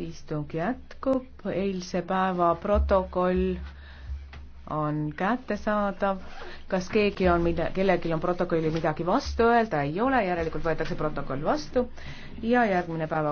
istung jätkub, eilse päeva protokoll on kättesaadav. kas keegi on, kellelgi on protokolli midagi vastu öelda, ei ole, järelikult võetakse protokoll vastu ja järgmine päeva